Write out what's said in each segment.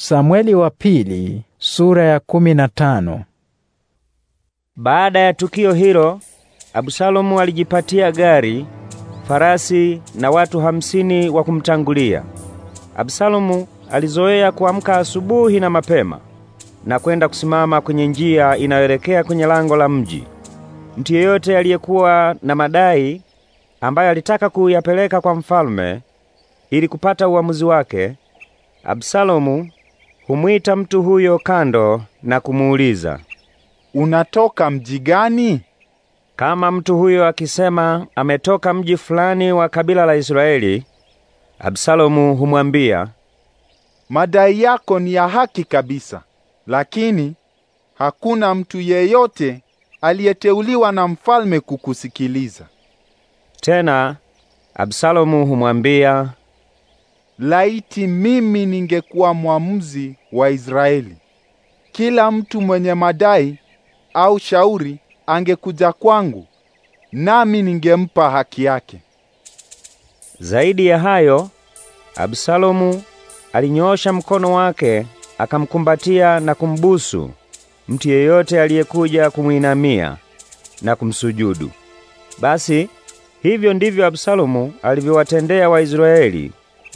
Samweli wa pili sura ya kumi na tano. Baada ya tukio hilo, Absalomu alijipatia gari, farasi na watu hamsini wa kumtangulia. Absalomu alizoea kuamka asubuhi na mapema na kwenda kusimama kwenye njia inayoelekea kwenye lango la mji. Mtu yeyote aliyekuwa na madai ambayo alitaka kuyapeleka kwa mfalme ili kupata uamuzi wake, Absalomu humwita mtu huyo kando na kumuuliza, unatoka mji gani? Kama mtu huyo akisema ametoka mji fulani wa kabila la Israeli, Absalomu humwambia, madai yako ni ya haki kabisa, lakini hakuna mtu yeyote aliyeteuliwa na mfalme kukusikiliza. Tena Absalomu humwambia laiti mimi ningekuwa mwamuzi wa Israeli! Kila mtu mwenye madai au shauri angekuja kwangu, nami ningempa haki yake. Zaidi ya hayo, Absalomu alinyoosha mkono wake akamkumbatia na kumbusu mtu yeyote aliyekuja kumwinamia na kumsujudu. Basi hivyo ndivyo Absalomu alivyowatendea Waisraeli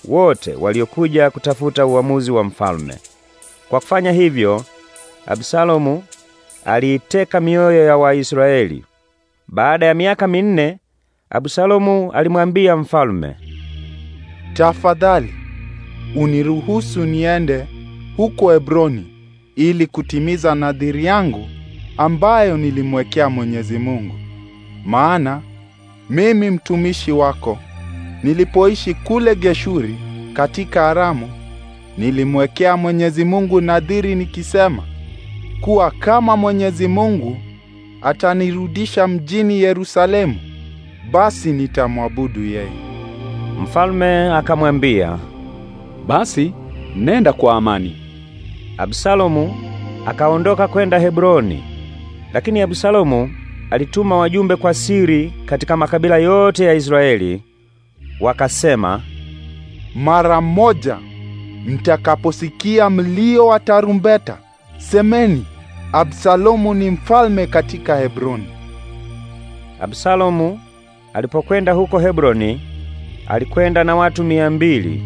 wote waliokuja kutafuta uamuzi wa mfalme. Kwa kufanya hivyo, Absalomu aliiteka mioyo ya Waisraeli. Baada ya miaka minne, Absalomu alimwambia mfalme, tafadhali uniruhusu niende huko Hebroni ili kutimiza nadhiri yangu ambayo nilimwekea Mwenyezi Mungu, maana mimi mtumishi wako Nilipoishi kule Geshuri katika Aramu, nilimwekea Mwenyezi Mungu nadhiri nikisema kuwa kama Mwenyezi Mungu atanirudisha mjini Yerusalemu, basi nitamwabudu yeye. Mfalme akamwambia, basi nenda kwa amani. Absalomu akaondoka kwenda Hebroni, lakini Absalomu alituma wajumbe kwa siri katika makabila yote ya Israeli wakasema, mara moja mtakaposikia mlio wa tarumbeta, semeni Absalomu ni mfalme katika Hebroni. Absalomu alipokwenda huko Hebroni, alikwenda na watu mia mbili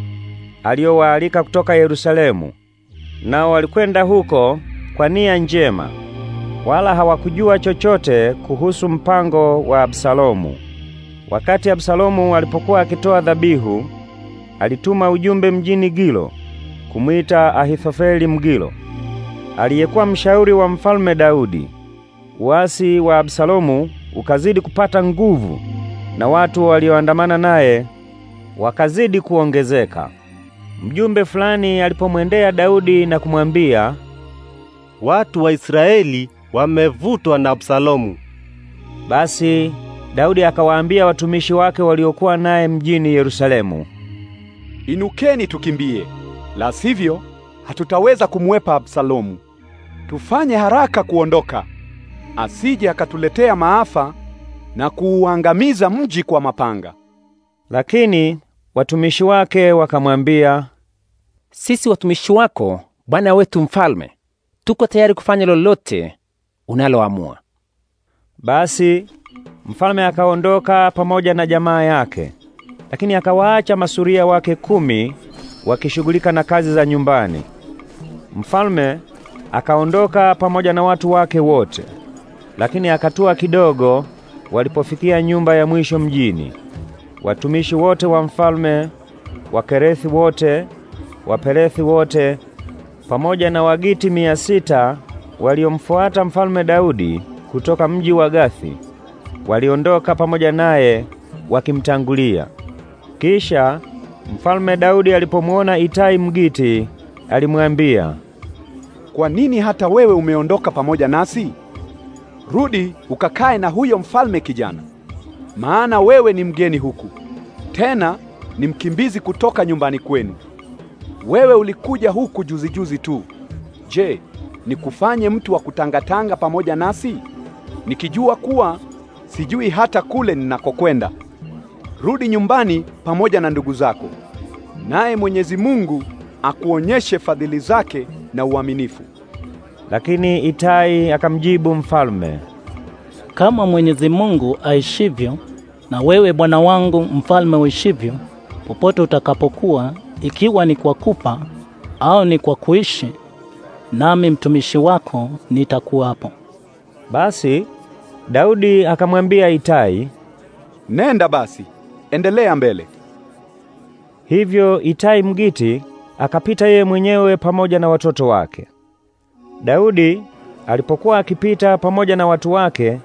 aliyowaalika kutoka Yerusalemu. Nao walikwenda huko kwa nia njema, wala hawakujua chochote kuhusu mpango wa Absalomu. Wakati Absalomu alipokuwa akitoa dhabihu, alituma ujumbe mjini Gilo kumwita Ahithofeli Mgilo, aliyekuwa mshauri wa mfalme Daudi. Uasi wa Absalomu ukazidi kupata nguvu na watu walioandamana naye wakazidi kuongezeka. Mjumbe fulani alipomwendea Daudi na kumwambia, watu wa Israeli wamevutwa na Absalomu. Basi Daudi akawaambia watumishi wake waliokuwa naye mjini Yerusalemu, Inukeni tukimbie, la sivyo hatutaweza kumwepa Absalomu. Tufanye haraka kuondoka, asije akatuletea maafa na kuuangamiza mji kwa mapanga. Lakini watumishi wake wakamwambia, sisi watumishi wako bwana wetu mfalme, tuko tayari kufanya lolote unaloamua. Basi Mfalme akaondoka pamoja na jamaa yake, lakini akawaacha masuria wake kumi wakishughulika na kazi za nyumbani. Mfalme akaondoka pamoja na watu wake wote, lakini akatua kidogo walipofikia nyumba ya mwisho mjini. Watumishi wote wa mfalme, Wakerethi wote, Wapelethi wote pamoja na Wagiti mia sita waliomfuata mfalme Daudi kutoka mji wa Gathi waliondoka pamoja naye wakimtangulia. Kisha Mfalme Daudi alipomwona Itai Mgiti, alimwambia, kwa nini hata wewe umeondoka pamoja nasi? Rudi ukakae na huyo mfalme kijana, maana wewe ni mgeni huku, tena ni mkimbizi kutoka nyumbani kwenu. Wewe ulikuja huku juzi juzi tu. Je, nikufanye mtu wa kutangatanga pamoja nasi, nikijua kuwa sijui hata kule ninakokwenda. Rudi nyumbani pamoja na ndugu zako, naye Mwenyezi Mungu akuonyeshe fadhili zake na uaminifu. Lakini Itai akamjibu mfalme, kama Mwenyezi Mungu aishivyo na wewe bwana wangu mfalme uishivyo, popote utakapokuwa, ikiwa ni kwa kupa au ni kwa kuishi, nami mtumishi wako nitakuwapo. Basi Daudi akamwambia Itai, nenda basi, endelea mbele. Hivyo Itai Mgiti akapita yeye mwenyewe pamoja na watoto wake. Daudi alipokuwa akipita pamoja na watu wake,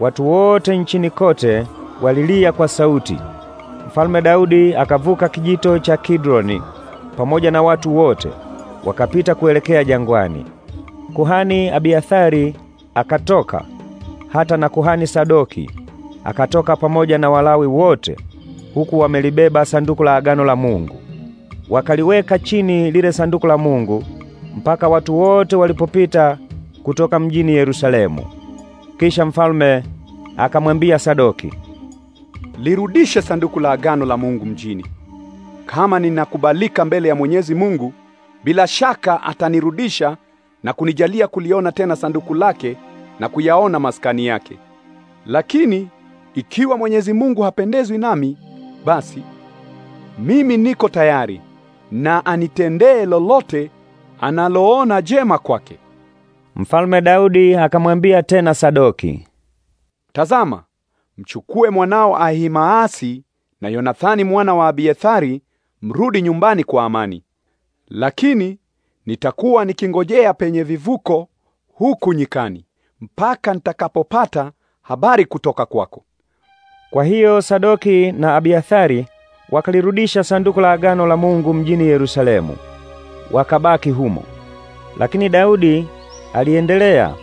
watu wote nchini kote walilia kwa sauti. Mfalme Daudi akavuka kijito cha Kidroni pamoja na watu wote, wakapita kuelekea jangwani. Kuhani Abiathari akatoka hata na kuhani Sadoki akatoka pamoja na Walawi wote, huku wamelibeba sanduku la agano la Mungu. Wakaliweka chini lile sanduku la Mungu mpaka watu wote walipopita kutoka mjini Yerusalemu. Kisha mfalme akamwambia Sadoki, lirudishe sanduku la agano la Mungu mjini. Kama ninakubalika mbele ya Mwenyezi Mungu, bila shaka atanirudisha na kunijalia kuliona tena sanduku lake na kuyaona maskani yake. Lakini ikiwa Mwenyezi Mungu hapendezwi nami, basi mimi niko tayari na anitendee lolote analoona jema kwake. Mfalme Daudi akamwambia tena Sadoki, Tazama, mchukue mwanao Ahimaasi na Yonathani mwana wa Abiathari, mrudi nyumbani kwa amani. Lakini nitakuwa nikingojea penye vivuko huku nyikani mpaka nitakapopata habari kutoka kwako. Kwa hiyo Sadoki na Abiathari wakalirudisha sanduku la agano la Mungu mjini Yerusalemu, wakabaki humo. Lakini Daudi aliendelea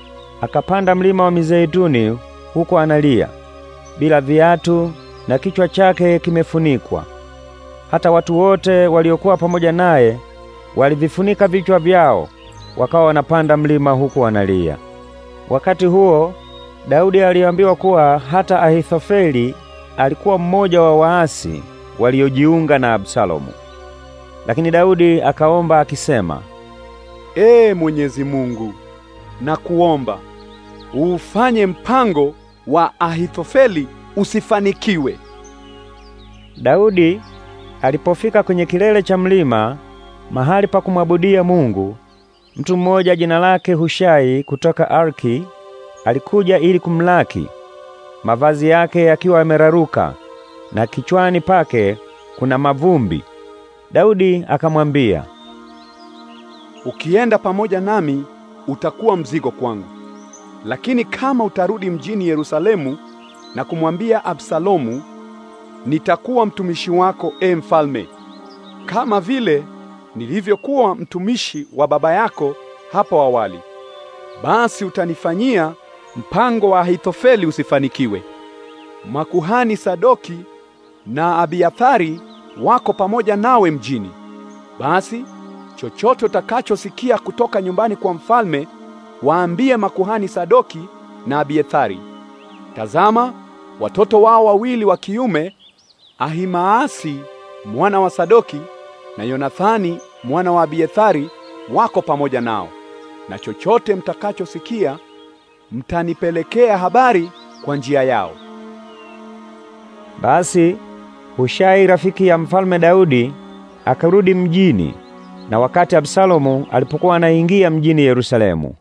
akapanda mlima wa Mizeituni, huko analia bila viatu na kichwa chake kimefunikwa. Hata watu wote waliokuwa pamoja naye walivifunika vichwa vyao, wakawa wanapanda mlima huku analia. Wakati huo Daudi aliambiwa kuwa hata Ahithofeli alikuwa mmoja wa waasi waliojiunga na Absalomu. Lakini Daudi akaomba akisema, Ee Mwenyezi Mungu, nakuomba uufanye mpango wa Ahithofeli usifanikiwe. Daudi alipofika kwenye kilele cha mlima mahali pa kumwabudia Mungu, Mtu mmoja jina lake Hushai kutoka Arki alikuja ili kumlaki, mavazi yake yakiwa yameraruka na kichwani pake kuna mavumbi. Daudi akamwambia, ukienda pamoja nami utakuwa mzigo kwangu, lakini kama utarudi mjini Yerusalemu na kumwambia Absalomu, nitakuwa mtumishi wako, e mfalme, kama vile nilivyokuwa mtumishi wa baba yako hapo awali. Basi utanifanyia mpango wa Ahithofeli usifanikiwe. Makuhani Sadoki na Abiathari wako pamoja nawe mjini. Basi chochote utakachosikia kutoka nyumbani kwa mfalme, waambie makuhani Sadoki na Abiathari, tazama, watoto wao wawili wa kiume Ahimaasi mwana wa Sadoki na Yonathani mwana wa Abiathari wako pamoja nao, na chochote mtakachosikia mtanipelekea habari kwa njia yao. Basi Hushai rafiki ya mfalme Daudi akarudi mjini, na wakati Absalomu alipokuwa anaingia mjini Yerusalemu,